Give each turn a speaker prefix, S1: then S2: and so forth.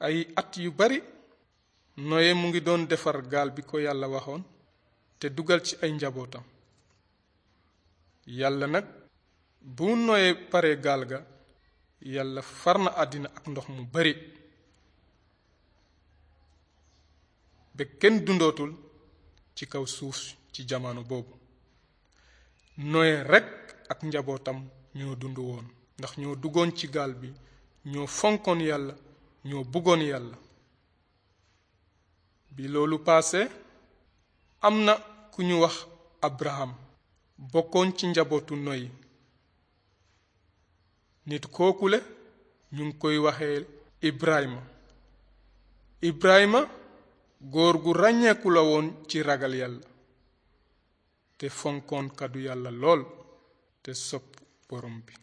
S1: ay at yu bari noye mu ngi doon defar gaal bi ko yàlla waxoon te dugal ci ay njabootam yàlla nag bu noye pare gaal ga yàlla far na àddina ak ndox mu bari ba kenn dundootul ci kaw suuf ci jamono boobu noye rekk ak njabootam ñoo dund woon ndax ñoo duggoon ci gaal bi ñoo fonkoon yàlla ñoo bëggoon yàlla bi loolu paase am na ku ñu wax abraham bokkoon ci njabootu noy nit kookule ñu ngi koy waxe ibrahima ibrahima góor gu ràññeeku la woon ci ragal yàlla te fonkoon kàddu yàlla lool te sopp
S2: borom bi